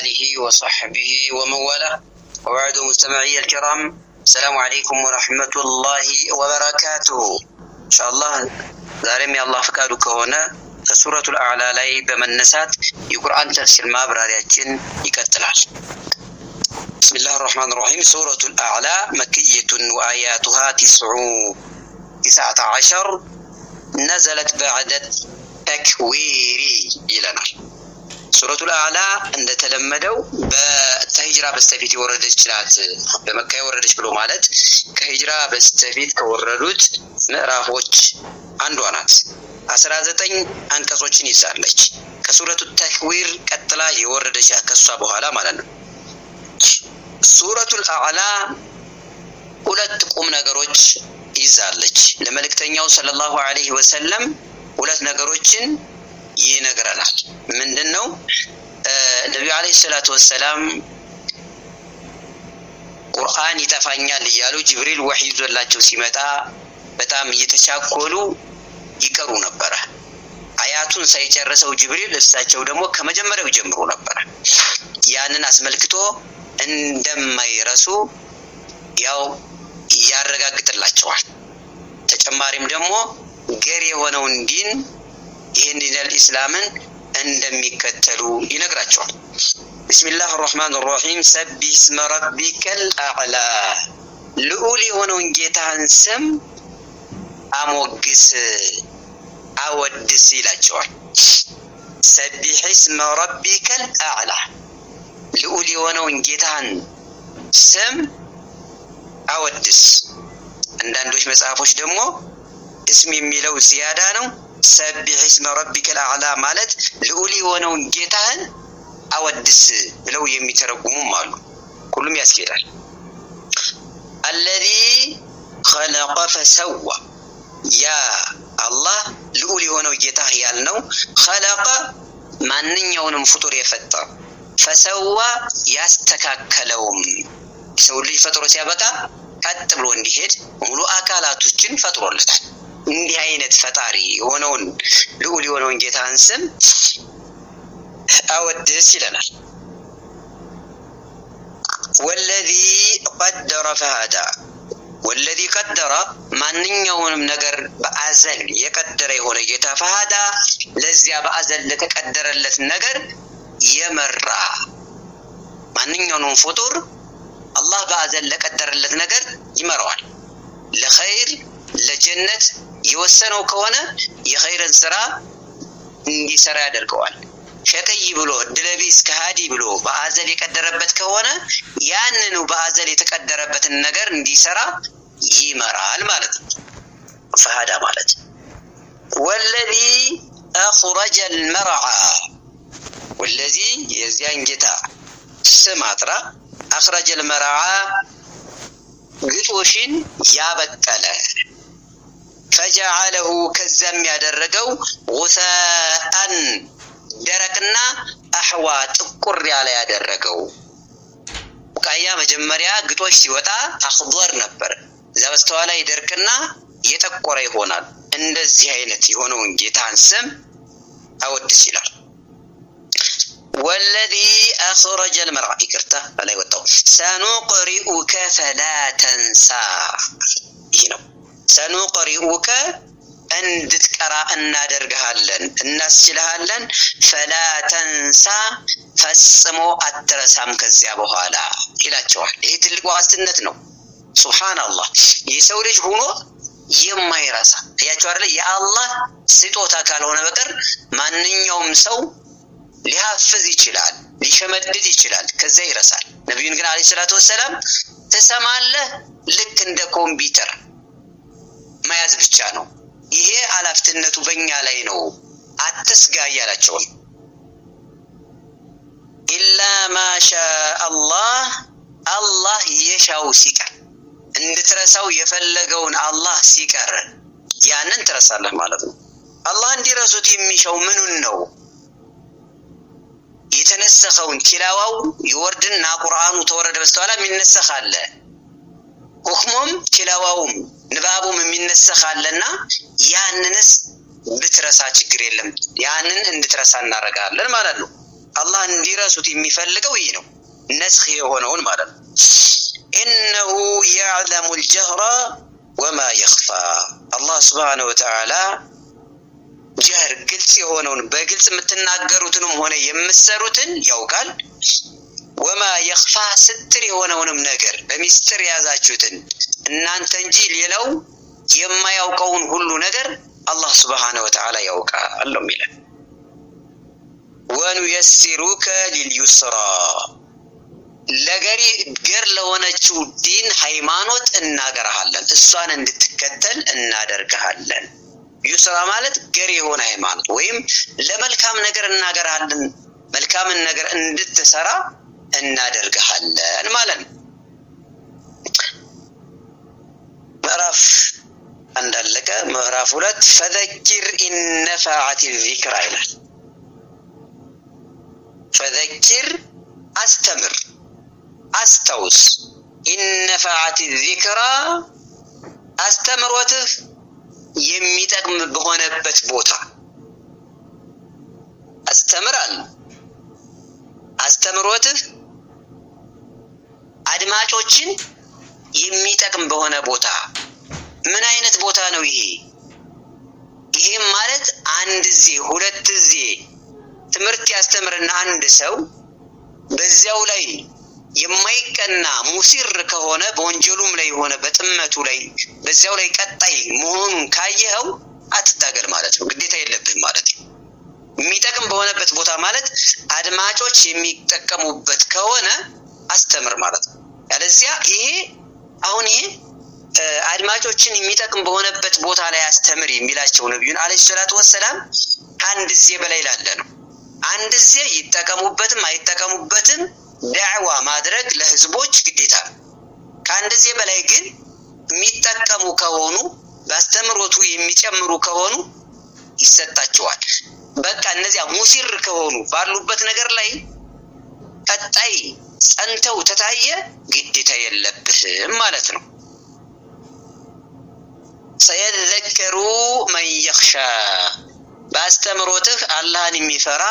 آله وصحبه ومن والاه وبعد مستمعي الكرام السلام عليكم ورحمة الله وبركاته إن شاء الله الله ዛሬም የአላህ ፈቃዱ ከሆነ ከሱረቱል አዕላ يقرأ تفسير ما ተፍሲር ማብራሪያችን ይቀጥላል። بسم الله الرحمن الرحيم سورة الأعلى مكية وآياتها تسع تسعة عشر نزلت بعد التكوير إلى نار ሱረቱል አዕላ እንደተለመደው ከሂጅራ በስተፊት የወረደች ናት። በመካ የወረደች ብሎ ማለት ከሂጅራ በስተፊት ከወረዱት ምዕራፎች አንዷ ናት። አስራ ዘጠኝ አንቀጾችን ይዛለች። ከሱረቱ ተክዊር ቀጥላ የወረደች ከሷ በኋላ ማለት ነው። ሱረቱል አዕላ ሁለት ቁም ነገሮች ይዛለች። ለመልእክተኛው ሰለላሁ ዐለይሂ ወሰለም ሁለት ነገሮችን ይነግረናል። ምንድን ነው ነቢዩ አለ ሰላቱ ወሰላም ቁርአን ይጠፋኛል እያሉ ጅብሪል ወሕይ ይዞላቸው ሲመጣ በጣም እየተቻኮሉ ይቀሩ ነበረ። አያቱን ሳይጨርሰው ጅብሪል፣ እሳቸው ደግሞ ከመጀመሪያው ጀምሮ ነበረ። ያንን አስመልክቶ እንደማይረሱ ያው ያረጋግጥላቸዋል። ተጨማሪም ደግሞ ገር የሆነውን ዲን ይህን ዲነል ኢስላምን እንደሚከተሉ ይነግራቸዋል። ብስሚላህ ራህማን ራሒም ሰቢህ ስመ ረቢከል አዕላ ልዑል የሆነውን ጌታህን ስም አሞግስ አወድስ ይላቸዋል። ሰቢሕ ስመ ረቢከል አዕላ ልዑል የሆነውን ጌታህን ስም አወድስ። አንዳንዶች መጽሐፎች ደግሞ እስም የሚለው ዚያዳ ነው። ሰቢሕ ስመ ረቢከል አዕላ ማለት ልዑል የሆነውን ጌታህን አወድስ ብለው የሚተረጉሙም አሉ። ሁሉም ያስኬዳል። አለዚ ኸለቀ ፈሰዋ ያ አላህ ልዑል የሆነው ጌታህ ያልነው ኸለቀ ማንኛውንም ፍጡር የፈጠረ ፈሰዋ ያስተካከለውም የሰው ልጅ ፈጥሮ ሲያበቃ ቀጥ ብሎ እንዲሄድ ሙሉ አካላቶችን ፈጥሮለታል። እንዲህ አይነት ፈጣሪ የሆነውን ልዑል የሆነውን ጌታን ስም አወድስ ይለናል። ወለዚ ቀደረ ፈሃዳ ወለዚ ቀደረ ማንኛውንም ነገር በአዘል የቀደረ የሆነ ጌታ ፈሃዳ ለዚያ በአዘል ለተቀደረለት ነገር የመራ ማንኛውንም ፍጡር አላህ በአዘል ለቀደረለት ነገር ይመራዋል ለኸይር ለጀነት የወሰነው ከሆነ የኸይርን ስራ እንዲሰራ ያደርገዋል። ሸቀይ ብሎ ድለቢስ ከሃዲ ብሎ በአዘል የቀደረበት ከሆነ ያንኑ በአዘል የተቀደረበትን ነገር እንዲሰራ ይመራል ማለት ነው። ፈሃዳ ማለት ወለዚ አኽረጀ ልመርዓ ወለዚ የዚያን ጌታ ስም አጥራ አኽረጀ ልመርዓ ግጦሽን ያበቀለ ፈጀዐለሁ ከዛም ያደረገው ጉሳአን ደረቅና አሕዋ ጥቁር ያለ ያደረገው። ቡቃያ መጀመሪያ ግጦሽ ሲወጣ አክበር ነበር። እዛ በስተኋላ ይደርቅና የጠቆረ ይሆናል። እንደዚህ አይነት የሆነውን ጌታን ስም አወድስ ይላል። ወለዚ አኽረጀል መርዓ ይቅርታ፣ ላይ ወጣው ሰኑቅሪኡከ ፈላ ተንሳ ይህ ነው ሰኑቅሪኡከ እንድትቀራ እናደርግሃለን እናስችልሃለን። ፈላ ተንሳ ፈጽሞ አትረሳም ከዚያ በኋላ ይላቸዋል። ይህ ትልቅ ዋስትነት ነው። ሱብሓነላህ የሰው ልጅ ሆኖ የማይረሳ እያቸው አለ። የአላህ ስጦታ ካልሆነ በቀር ማንኛውም ሰው ሊሀፍዝ ይችላል፣ ሊሸመድድ ይችላል፣ ከዚያ ይረሳል። ነቢዩን ግን አለይሂ ሰላቱ ወሰላም ትሰማለህ ልክ እንደ ኮምፒውተር መያዝ ብቻ ነው። ይሄ ኃላፊነቱ በእኛ ላይ ነው። አትስጋ ነው። ኢላ ማሻ አላህ አላህ የሻው ሲቀር እንድትረሳው የፈለገውን አላህ ሲቀር ያንን ትረሳለህ ማለት ነው። አላህ እንዲረሱት የሚሻው ምኑን ነው? የተነሰኸውን ቲላዋው ይወርድና ቁርአኑ ተወረደ በስተኋላ የሚነሰህ አለ። ሁክሙም ቲላዋውም ንባቡም የሚነሰህ አለና ያንንስ ብትረሳ ችግር የለም። ያንን እንድትረሳ እናደርጋለን ማለት ነው። አላህ እንዲረሱት የሚፈልገው ይህ ነው፣ ነስህ የሆነውን ማለት ነው። ኢነሁ የዕለሙ ልጀህረ ወማ የኽፋ አላህ ስብሓነሁ ወተዓላ ጀህር ግልጽ የሆነውን በግልጽ የምትናገሩትንም ሆነ የምትሰሩትን ያውቃል። ወማ የኽፋ ስትር የሆነውንም ነገር በሚስጥር የያዛችሁትን እናንተ እንጂ ሌላው የማያውቀውን ሁሉ ነገር አላህ ስብሓነ ወተዓላ ያውቃል አለው የሚለን ወኑየሲሩከ ሊልዩስራ ለገሪ ገር ለሆነችው ዲን ሃይማኖት እናገርሃለን፣ እሷን እንድትከተል እናደርግሃለን። ዩስራ ማለት ገር የሆነ ሃይማኖት ወይም ለመልካም ነገር እናገርሃለን፣ መልካምን ነገር እንድትሰራ እናደርግሃለን ማለት ነው። ምዕራፍ እንዳለቀ ምዕራፍ ሁለት ፈዘኪር ኢነፈዓት ዚክራ ይላል። ፈዘኪር አስተምር፣ አስታውስ። ኢነፈዓት ዚክራ አስተምሮትህ የሚጠቅም በሆነበት ቦታ አስተምራል አስተምሮትህ አድማጮችን የሚጠቅም በሆነ ቦታ ምን አይነት ቦታ ነው ይሄ? ይሄም ማለት አንድ ዜ ሁለት ዜ ትምህርት ያስተምርና አንድ ሰው በዚያው ላይ የማይቀና ሙሲር ከሆነ በወንጀሉም ላይ ሆነ በጥመቱ ላይ በዚያው ላይ ቀጣይ መሆኑን ካየኸው አትታገል ማለት ነው። ግዴታ የለብህም ማለት ነው። የሚጠቅም በሆነበት ቦታ ማለት አድማጮች የሚጠቀሙበት ከሆነ አስተምር ማለት ነው። ያለዚያ ይሄ አሁን ይሄ አድማጮችን የሚጠቅም በሆነበት ቦታ ላይ አስተምር የሚላቸው ነቢዩን አለ ሰላቱ ወሰላም ከአንድ ዜ በላይ ላለ ነው። አንድ ዜ ይጠቀሙበትም አይጠቀሙበትም ዳዕዋ ማድረግ ለህዝቦች ግዴታ ነው። ከአንድ ዜ በላይ ግን የሚጠቀሙ ከሆኑ በአስተምሮቱ የሚጨምሩ ከሆኑ ይሰጣቸዋል። በቃ እነዚያ ሙሲር ከሆኑ ባሉበት ነገር ላይ ቀጣይ ጸንተው ተታየ ግዴታ የለብህም ማለት ነው። ሰየዘከሩ መን የኽሻ በአስተምሮትህ አላህን የሚፈራ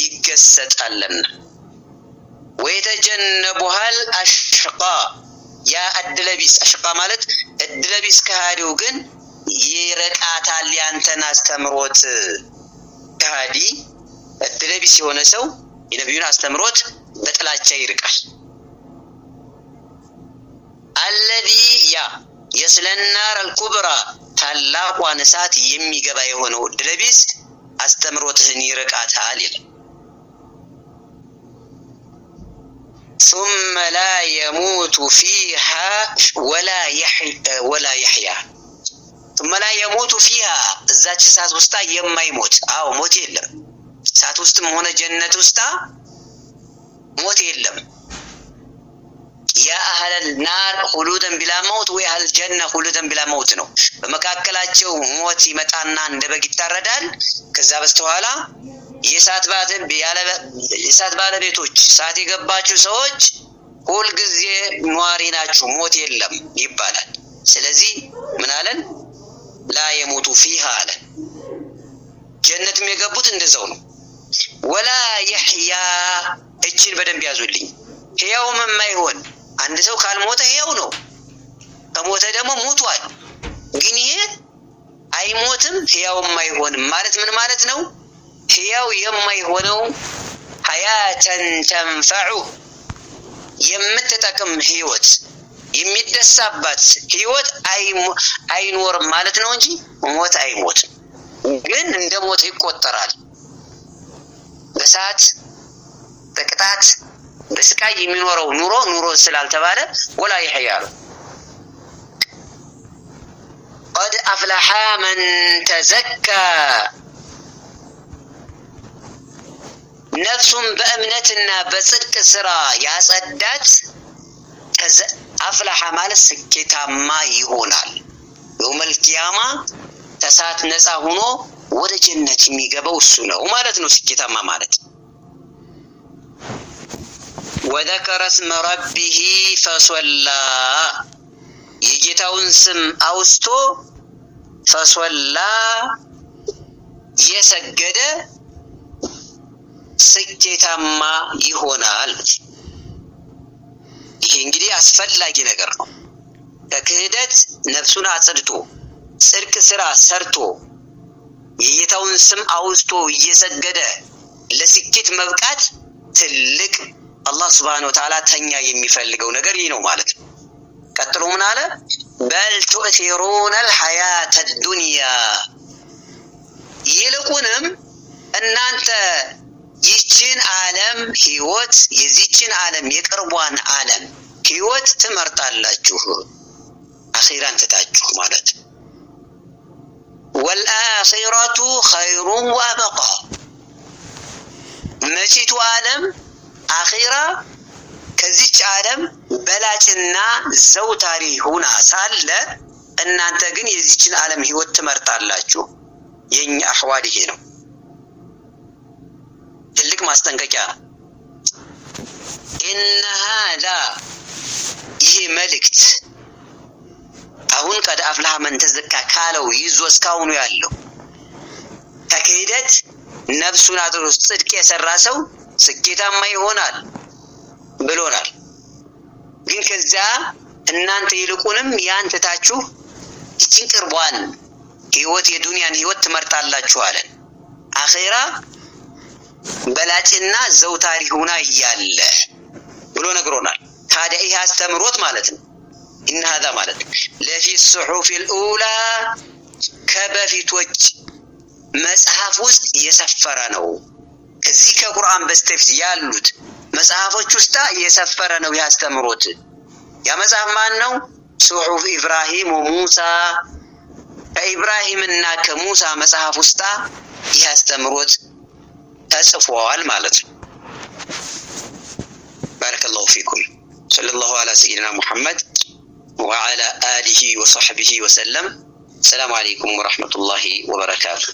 ይገሰጣልና። ወየተጀነቡሃል አሽቃ ያ እድለቢስ አሽቃ ማለት እድለቢስ ከሃዲው ግን ይረቃታል ያንተን አስተምሮት ከሃዲ እድለቢስ የሆነ ሰው የነቢዩን አስተምሮት በጥላቻ ይርቃል። አለዚ ያ የስለናር አልኩብራ ታላቋን እሳት የሚገባ የሆነው ድለቢስ አስተምሮትህን ይርቃታል ይላል። ሱመ ላ የሙቱ ፊሃ ወላ የሕያ ሱመ ላ የሙቱ ፊሃ እዛች እሳት ውስጣ የማይሞት አዎ ሞት የለም እሳት ውስጥም ሆነ ጀነት ውስጣ ሞት የለም። ያ አህለል ናር ሁሉደን ቢላ መውት ወይ አህል ጀነ ሁሉደን ቢላ መውት ነው። በመካከላቸው ሞት ይመጣና እንደ በግ ይታረዳል። ከዛ በስተኋላ የእሳት ባለቤቶች እሳት የገባችሁ ሰዎች ሁልጊዜ ነዋሪ ናችሁ፣ ሞት የለም ይባላል። ስለዚህ ምን አለን? ላ የሞቱ ፊሃ አለን። ጀነትም የገቡት እንደዛው ነው። ወላ የሕያ እችን በደንብ ያዙልኝ። ሕያውም የማይሆን አንድ ሰው ካልሞተ ሕያው ነው፣ ከሞተ ደግሞ ሞቷል። ግን ይሄ አይሞትም ሕያው አይሆንም ማለት ምን ማለት ነው? ሕያው የማይሆነው ሀያተን ተንፈዑ የምትጠቅም ህይወት የሚደሳባት ህይወት አይኖርም ማለት ነው እንጂ ሞት አይሞትም፣ ግን እንደ ሞት ይቆጠራል። በሰዓት በቅጣት በስቃይ የሚኖረው ኑሮ ኑሮ ስላልተባለ ወላ ይሕያሉ ቀድ አፍላሓ መን ተዘካ ነፍሱን በእምነትና በጽድቅ ስራ ያጸዳት አፍላሓ ማለት ስኬታማ ይሆናል። የውመል ቂያማ ተሳት ነፃ ሆኖ ወደ ጀነት የሚገባው እሱ ነው ማለት ነው። ስኬታማ ማለት ወዘከረ ስመ ረቢሂ ፈሶላ የጌታውን ስም አውስቶ ፈሶላ የሰገደ ስኬታማ ይሆናል። ይሄ እንግዲህ አስፈላጊ ነገር ነው። ከክህደት ነፍሱን አጽድቶ ጽድቅ ስራ ሰርቶ የጌታውን ስም አውስቶ እየሰገደ ለስኬት መብቃት ትልቅ አላህ ስብሓነ ወተዓላ ተኛ የሚፈልገው ነገር ይህ ነው ማለት ነው። ቀጥሎ ምን አለ? በል ቱእሲሩነ አልሐያተ ዱንያ፣ ይልቁንም እናንተ ይችን ዓለም ህይወት የዚችን ዓለም የቅርቧን ዓለም ህይወት ትመርጣላችሁ፣ አኺራን ትታችሁ ማለት አልአኺረቱ ኸይሩን ወአበቃ። መጪቱ ዓለም አኺራ ከዚች ዓለም በላጭና ዘውታሪ ሁና ሳለ እናንተ ግን የዚችን ዓለም ህይወት ትመርጣላችሁ። የእኛ አህዋል ይሄ ነው። ትልቅ ማስጠንቀቂያ ነው። ኢነ ሃዛ ይሄ መልእክት አሁን ቀድ አፍላሃ መን ተዘካ ካለው ይዞ እስካሁኑ ያለው ከክህደት ነፍሱን አጥሮ ጽድቅ የሰራ ሰው ስኬታማ ይሆናል ብሎናል። ግን ከዚያ እናንተ ይልቁንም ያን ትታችሁ ይችን ቅርቧን ህይወት የዱንያን ህይወት ትመርጣላችሁ አለን። አኼራ በላጭና ዘውታሪ ሁና እያለ ብሎ ነግሮናል። ታዲያ ይህ አስተምሮት ማለት ነው እና ሀዛ ማለት ለፊ ሱሑፊ ልኡላ ከበፊቶች መጽሐፍ ውስጥ የሰፈረ ነው። እዚህ ከቁርአን በስተፊት ያሉት መጽሐፎች ውስጥ የሰፈረ ነው ያስተምሮት። ያ መጽሐፍ ማን ነው? ሱሑፍ ኢብራሂም ወሙሳ ከኢብራሂምና ከሙሳ መጽሐፍ ውስጥ ያስተምሮት ተጽፏል ማለት ነው። ባረከላሁ ፊኩም ሰለላሁ ዐላ ሰይድና ሙሐመድ ወዐላ አሊሂ ወሰሕቢሂ ወሰለም። ሰላም አለይኩም ወረሕመቱላሂ ወበረካቱ።